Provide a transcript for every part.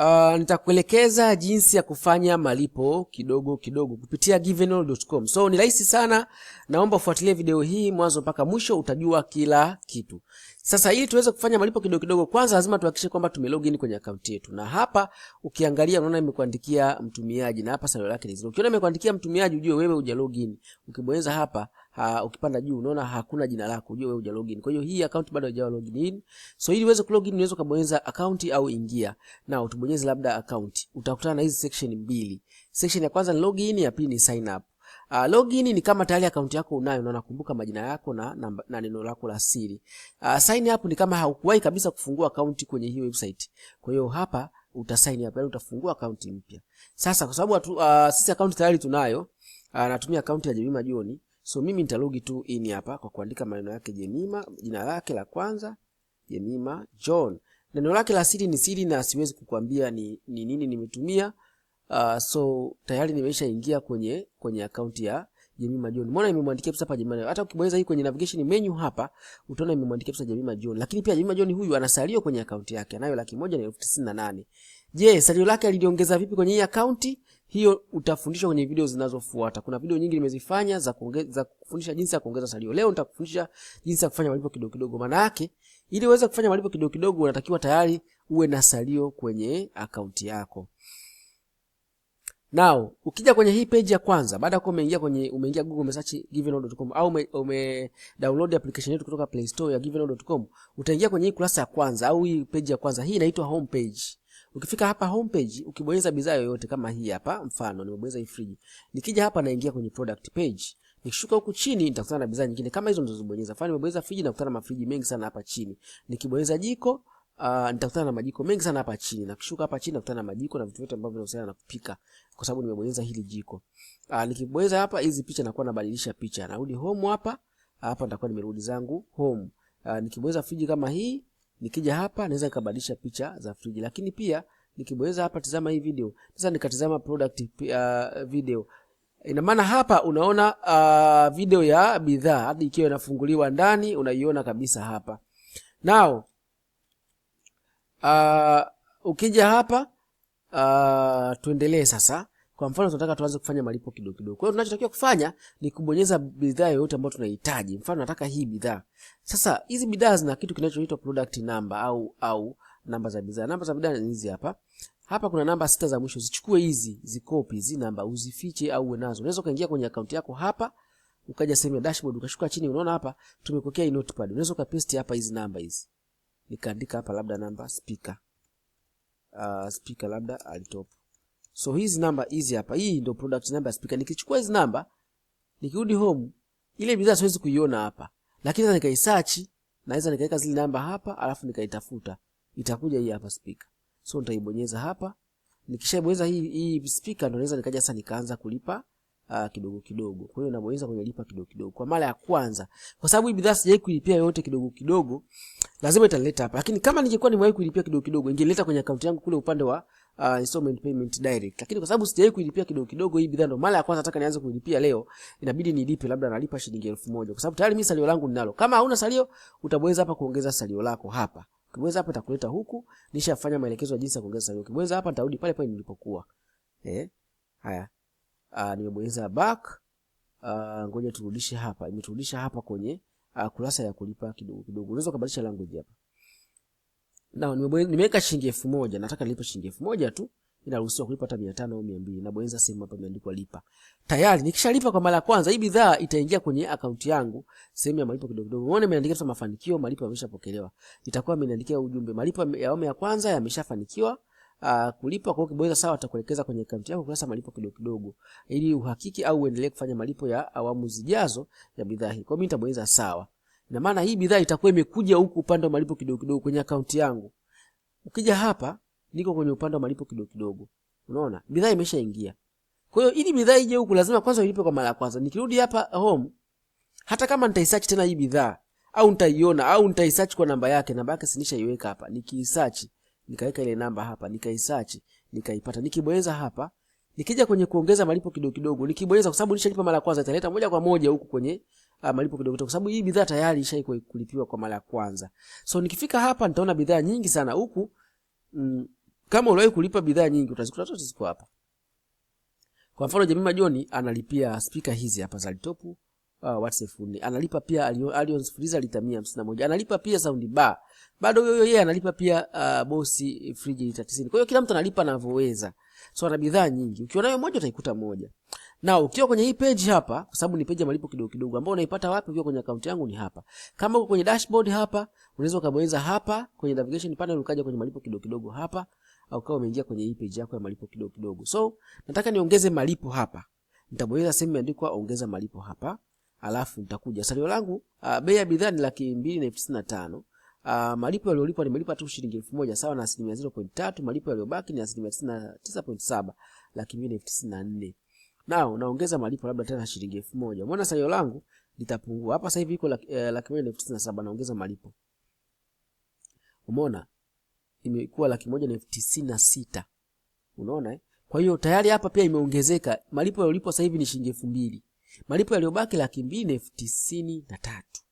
Uh, nitakuelekeza jinsi ya kufanya malipo kidogo kidogo kupitia givenall.com. So ni rahisi sana, naomba ufuatilie video hii mwanzo mpaka mwisho, utajua kila kitu. Sasa ili tuweze kufanya malipo kidogo kidogo, kwanza lazima tuhakikishe kwamba tume login kwenye akaunti yetu, na hapa ukiangalia unaona imekuandikia mtumiaji na hapa salio lake ni zero. Ukiona imekuandikia mtumiaji ujue wewe uja login. Ukibonyeza hapa ha, ukipanda juu unaona hakuna jina lako, ujue wewe uja login. Kwa hiyo hii akaunti bado haijawa login in. So ili uweze kulogin unaweza kubonyeza account au ingia na utubonyeze labda account. utakutana na hizi section mbili. Section ya kwanza ni login, ya pili ni sign up. Uh, login ni kama tayari akaunti yako unayo na unakumbuka majina yako na, na, na neno lako la siri. Uh, sign up ni kama haukuwahi kabisa kufungua akaunti kwenye hii website. Kwa hiyo hapa uta sign up, yaani utafungua akaunti mpya. Sasa kwa sababu uh, sisi akaunti tayari tunayo, uh, natumia akaunti ya Jemima John. So mimi nita log tu in hapa kwa kuandika maneno yake Jemima, jina lake la kwanza Jemima John. Neno lake la siri ni siri na siwezi kukuambia ni, ni nini nimetumia. Uh, so tayari nimeshaingia kwenye kwenye akaunti ya Jamii Majioni. Umeona nimemwandikia pesa hapa Jemima. Hata ukibonyeza hii kwenye navigation menu hapa utaona nimemwandikia pesa Jamii Majioni. Lakini pia Jamii Majioni huyu anasalio kwenye akaunti yake. Anayo laki moja na elfu tisini na nane. Je, salio lake aliliongeza vipi kwenye hii akaunti? Hiyo utafundishwa kwenye video zinazofuata. Kuna video nyingi nimezifanya za kuongeza, kufundisha jinsi ya kuongeza salio. Leo nitakufundisha jinsi ya kufanya malipo kidogo kidogo. Maana yake ili uweze kufanya malipo kidogo kidogo unatakiwa tayari uwe na salio kwenye akaunti yako. Now, ukija kwenye hii page ya kwanza baada ya umeingia kwenye umeingia Google umesearch givenall.com au ume, ume download application yetu kutoka Play Store ya givenall.com, utaingia kwenye hii kurasa ya kwanza au hii page ya kwanza. Hii inaitwa homepage. Ukifika hapa homepage, ukibonyeza bidhaa yoyote kama hii hapa, mfano nimebonyeza hii fridge. Nikija hapa naingia kwenye product page. Nikishuka huku chini nitakutana na bidhaa nyingine kama hizo nilizobonyeza. Mfano nimebonyeza fridge, na kukutana na mafriji mengi sana hapa chini. Nikibonyeza jiko Ah, nitakutana na majiko mengi sana hapa chini. na Nakishuka hapa chini nakutana na majiko na vitu vyote ambavyo vinahusiana na kupika kwa sababu nimebonyeza hili jiko. Uh, nikibonyeza hapa hizi picha nakuwa nabadilisha picha. Narudi home hapa. Hapa nitakuwa nimerudi zangu home. Uh, nikibonyeza friji kama hii, nikija hapa naweza nikabadilisha picha za friji. Lakini pia nikibonyeza hapa, tazama hii video. Sasa nikatazama product uh, video. Ina maana hapa unaona uh, video ya bidhaa hadi ikiwa inafunguliwa ndani unaiona kabisa hapa. Now Uh, ukija hapa uh, tuendelee sasa. Kwa mfano tunataka tuanze kufanya malipo kidogo kidogo. Kwa hiyo tunachotakiwa kufanya ni kubonyeza bidhaa yoyote ambayo tunahitaji. Mfano nataka hii bidhaa. Sasa hizi bidhaa zina kitu kinachoitwa product number au au namba za bidhaa. Namba za bidhaa ni hizi hapa. Hapa kuna namba sita za mwisho. Zichukue hizi, zikopi hizi namba, uzifiche au uwe nazo. Unaweza kaingia kwenye akaunti yako hapa, ukaja sehemu ya dashboard, ukashuka chini, unaona hapa tumekokea notepad. Unaweza ukapaste hapa hizi namba hizi nikaandika hapa labda namba speaker. Uh, speaker labda alitop. So hizi namba hizi hapa, hii ndio product number speaker. Nikichukua hizi namba nikirudi home, ile bidhaa siwezi kuiona hapa, lakini sasa nikaisearch, naweza nikaweka zile namba hapa, alafu nikaitafuta, itakuja hii hapa speaker. So nitaibonyeza hapa, nikishaibonyeza hii hii speaker, ndio naweza nikaja sasa nikaanza kulipa uh, kidogo kidogo. Kwa hiyo nabonyeza kwenye lipa kidogo kidogo kwa mara ya kwanza, kwa sababu hii bidhaa sijawahi kuilipia yote kidogo kidogo, lazima italeta hapa. Lakini kama ningekuwa nimewahi kuilipia kidogo kidogo, ingeleta kwenye akaunti yangu kule upande wa uh, installment payment direct. Lakini kwa sababu sijawahi kuilipia kidogo kidogo hii bidhaa, ndo mara ya kwanza nataka nianze kuilipia leo, inabidi nilipe, labda nalipa shilingi elfu moja kwa sababu tayari mimi salio langu ninalo. Kama hauna salio, utabonyeza hapa kuongeza salio lako hapa. Ukibonyeza hapa itakuleta huku, nishafanya maelekezo ya jinsi ya kuongeza salio. Ukibonyeza hapa nitarudi pale pale nilipokuwa. Eh, haya uh, nimebonyeza back uh, ngoja turudishe hapa, imeturudisha hapa kwenye uh, kurasa ya kulipa kidogo kidogo. Unaweza kubadilisha language hapa. na nimeweka shilingi elfu moja nataka nilipe shilingi elfu moja tu, inaruhusiwa kulipa hata 500 au 200. Nabonyeza sehemu hapa imeandikwa lipa. Tayari nikishalipa kwa mara ya kwanza, hii bidhaa itaingia kwenye akaunti yangu, sehemu ya malipo kidogo kidogo. umeona imeandika tu mafanikio, malipo yameshapokelewa. Itakuwa imeandikia ujumbe, malipo ya awamu ya kwanza yameshafanikiwa uh, kulipa kwa ukibonyeza sawa, atakuelekeza kwenye akaunti yako kurasa malipo kidogo kidogo, ili uhakiki au uendelee kufanya malipo ya awamu zijazo ya bidhaa hii. Kwa hiyo mimi nitabonyeza sawa, na maana hii bidhaa itakuwa imekuja huku upande wa malipo kidogo kidogo kwenye akaunti yangu. Ukija hapa, niko kwenye upande wa malipo kidogo kidogo, unaona bidhaa imeshaingia. Kwa hiyo ili bidhaa ije huku, lazima kwanza ulipe kwa mara ya kwanza. Nikirudi hapa home, hata kama nitaisearch tena hii bidhaa au nitaiona au nitaisearch kwa namba yake, namba yake sinishaiweka hapa, nikiisearch nikaweka ile namba hapa, nikaisearch, nikaipata. Nikibonyeza hapa, nikija kwenye kuongeza malipo kidogo kidogo, nikibonyeza, kwa sababu nishalipa mara ya kwanza, italeta moja kwa moja huku kwenye uh, malipo kidogo kidogo, kwa sababu hii bidhaa tayari ishaikuwa kulipiwa kwa mara ya kwanza. So nikifika hapa, nitaona bidhaa nyingi sana huku mm, kama uliwahi kulipa bidhaa nyingi utazikuta zote ziko hapa. Kwa mfano Jemima John analipia spika hizi hapa za Litopu uh, wati elfu nne analipa pia alion aliyonisikiliza lita mia hamsini na moja analipa pia sound bar bado yoyo yeye analipa pia uh, bosi friji lita tisini kwa hiyo kila mtu analipa anavyoweza so ana bidhaa nyingi ukiwa nayo moja utaikuta moja na ukiwa kwenye hii page hapa kwa sababu ni page ya malipo kidogo kidogo ambayo unaipata wapi ukiwa kwenye akaunti yangu ni hapa kama uko kwenye dashboard hapa unaweza ukabonyeza hapa kwenye navigation panel ukaja kwenye malipo kidogo kidogo hapa au kama umeingia kwenye hii page yako ya malipo kidogo kidogo so nataka niongeze malipo hapa nitabonyeza sehemu imeandikwa ongeza malipo hapa alafu nitakuja salio langu. Uh, bei ya bidhaa ni laki mbili na elfu tisini na tano. Uh, malipo yaliyolipwa nimelipa tu shilingi elfu moja sawa na asilimia zero Malipo yaliyobaki ni asilimia tisini laki mbili na elfu tisini na nne. Nao naongeza malipo labda tena shilingi elfu moja. Umeona salio langu litapungua hapa. Sasa hivi iko eh, laki moja na elfu tisini na saba, naongeza malipo, umeona imekuwa laki moja na elfu tisini na sita. Unaona eh? Kwa hiyo tayari hapa pia imeongezeka. Malipo yaliyolipwa sasa hivi ni shilingi elfu mbili malipo yaliyobaki laki mbili na elfu tisini na tatu.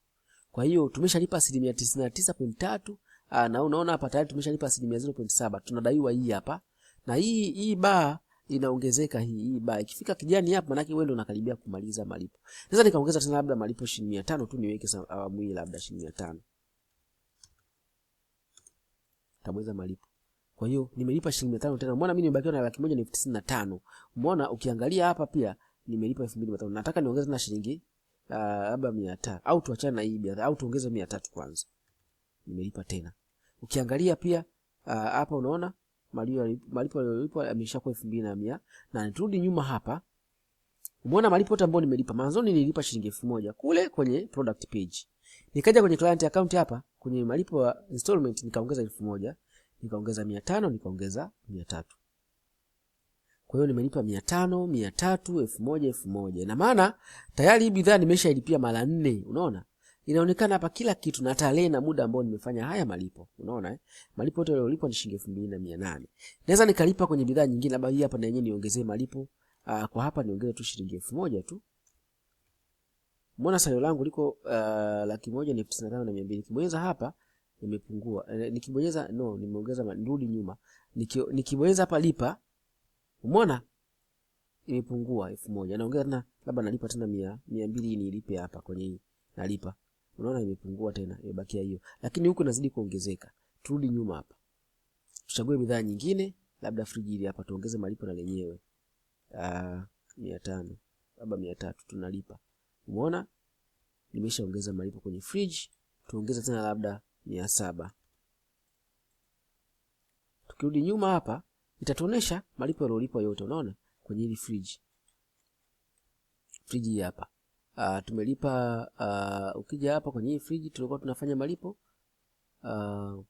Kwa hiyo tumeshalipa asilimia tisini na tisa pointi tatu ah, na unaona hapa tayari tumeshalipa asilimia zero pointi saba tunadaiwa hii hapa, na hii hii baa inaongezeka hii hii baa ikifika kijani hapa, manake wewe ndio unakaribia kumaliza malipo. Sasa nikaongeza tena labda malipo shilingi tano tu niweke awamu hii labda shilingi tano tabweza malipo. Kwa hiyo nimelipa shilingi 500 tena, umeona mimi nimebakiwa na laki moja na elfu tisini na tano. Umeona ukiangalia hapa pia nimelipa elfu mbili mia tano nataka niongeze na shilingi ah, labda mia tano au tuachane na hii bidhaa au tuongeze mia tatu kwanza. Nimelipa tena. Ukiangalia pia ah, hapa unaona malipo yaliyolipwa yameshakuwa elfu mbili na mia na nirudi nyuma hapa, umeona malipo yote ambayo nimelipa mwanzoni, nililipa shilingi elfu moja kule kwenye product page, nikaja kwenye client account hapa kwenye malipo ya installment nikaongeza elfu moja nikaongeza mia tano nikaongeza mia tatu kwa hiyo nimelipa mia tano, mia tatu, elfu moja, elfu moja. Ina maana tayari hii bidhaa nimeshailipia mara nne, unaona? Inaonekana hapa kila kitu na tarehe na muda ambao nimefanya haya malipo. Unaona eh? Malipo yote yaliyolipwa ni shilingi 2800. Naweza nikalipa kwenye bidhaa nyingine labda hii hapa na yenyewe niongezee malipo. Aa, ah, kwa hapa niongeze tu shilingi 1000 tu. Mbona salio langu liko uh, laki moja na elfu tisini na tano na mia mbili. Nikibonyeza hapa imepungua. Eh, nikibonyeza no, nimeongeza nirudi nyuma. Nikibonyeza hapa lipa Umeona? Imepungua elfu moja. Naongea tena labda nalipa tena mia, mia mbili nilipe hapa kwenye hii. Nalipa. Unaona imepungua tena, imebakia hiyo. Lakini huku inazidi kuongezeka. Turudi nyuma hapa. Tuchague bidhaa nyingine, labda friji hili hapa tuongeze malipo na lenyewe. Ah, 500. Labda 300 tunalipa. Umeona? Nimeshaongeza malipo kwenye friji. Tuongeze tena labda mia saba. Tukirudi nyuma hapa itatuonesha malipo yaliyolipwa yote. Unaona kwenye hili friji, friji hapa uh, tumelipa uh, ukija hapa kwenye hii friji tulikuwa tunafanya malipo uh,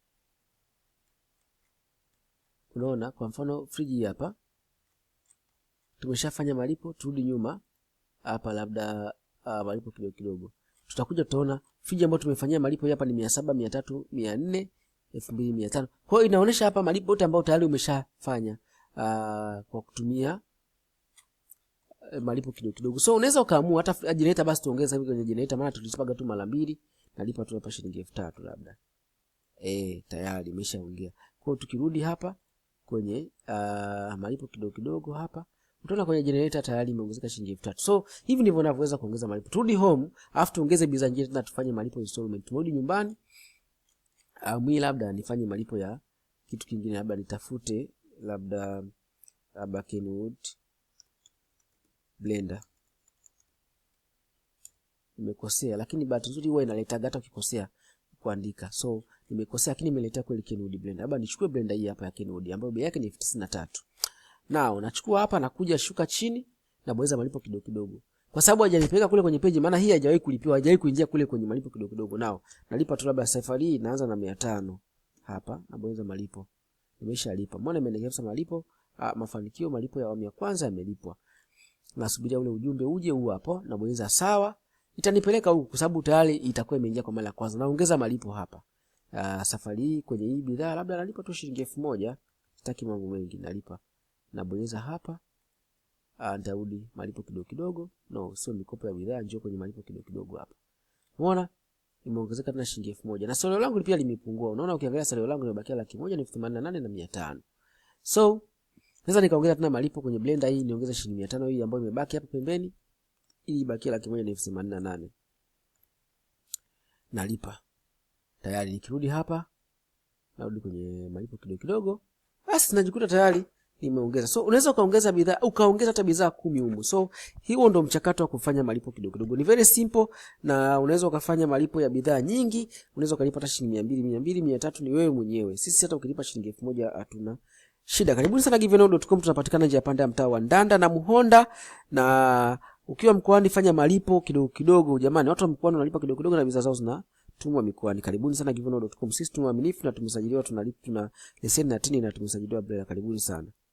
unaona kwa mfano friji hapa tumeshafanya malipo. Turudi nyuma hapa, labda uh, malipo kidogo kidogo, tutakuja tutaona friji ambayo tumefanyia malipo hapa ni mia saba mia tatu mia nne elfu mbili mia tano. Kwa hiyo inaonyesha hapa malipo yote ambayo tayari umeshafanya uh, kwa kutumia eh, malipo kidogo kidogo. So unaweza ukaamua hata generator basi tuongeze hivi kwenye generator, maana tulisipaga tu mara mbili, nalipa tu hapa shilingi 3000 labda. Eh, tayari imeshaingia. Kwa hiyo tukirudi hapa kwenye uh, malipo kidogo kidogo hapa utaona kwenye generator tayari imeongezeka shilingi 3000. So hivi ndivyo unavyoweza kuongeza malipo. Turudi home, afu tuongeze bidhaa nyingine tena tufanye malipo installment. Turudi nyumbani amwi ah, labda nifanye malipo ya kitu kingine, labda nitafute labda labda Kenwood Blender. Nimekosea, lakini bahati nzuri huwa inaleta gata ukikosea kuandika. So nimekosea, lakini nimeletea kweli Kenwood Blender. Labda nichukue blender hii hapa ya Kenwood ambayo bei yake ni 93. tisini na tatu. Nao nachukua hapa, nakuja shuka chini, nabonyeza malipo kidogo kidogo kwa sababu hajanipeleka kule kwenye peji, maana hii haijawahi kulipiwa, haijawahi kuingia kule kwenye malipo kidogo kidogo. Nao nalipa tu, labda safari hii inaanza na 500 hapa, nabonyeza malipo, nimeshalipa. Mbona imeendelea sasa malipo? A, ah, mafanikio, malipo ya awamu ya kwanza yamelipwa. Nasubiria ule ujumbe uje, huu hapo, nabonyeza sawa, itanipeleka huku kwa sababu tayari itakuwa imeingia kwa mara ya kwanza. Naongeza malipo hapa. A, ah, safari hii kwenye hii bidhaa labda nalipa tu shilingi 1000, sitaki mambo mengi, nalipa, nabonyeza hapa uh, nitarudi malipo kidogo kidogo. No, sio mikopo ya bidhaa, njoo kwenye malipo kidogo kidogo hapa. Umeona? Imeongezeka tena shilingi elfu moja. Na salio langu pia limepungua. Unaona ukiangalia salio langu limebakia laki moja na elfu themanini na nane na mia tano. So, naweza nikaongeza tena malipo kwenye blender hii niongeze shilingi mia tano hii ambayo imebaki hapa pembeni ili ibakie laki moja na elfu themanini na nane. Nalipa. Tayari nikirudi hapa narudi kwenye malipo kidogo kidogo. Basi najikuta tayari nimeongeza. So unaweza ukaongeza bidhaa ukaongeza hata bidhaa kumi humu. So hiyo ndo mchakato wa kufanya malipo kidogo kidogo. Ni very simple na unaweza ukafanya malipo ya bidhaa nyingi, unaweza ukalipa hata shilingi 200, 200, 300 ni wewe mwenyewe. Sisi hata ukilipa shilingi 1000 hatuna shida. Karibuni sana givenall.com, tunapatikana nje ya pande ya mtaa wa Ndanda na Muhonda na ukiwa mkoani fanya malipo kidogo kidogo. Jamani, watu wa mkoani wanalipa kidogo kidogo na bidhaa zao zinatumwa mikoani. Karibuni sana givenall.com. Sisi tumwaminifu na tumesajiliwa, tunalipa tuna leseni na tini na tumesajiliwa bila. Karibuni sana.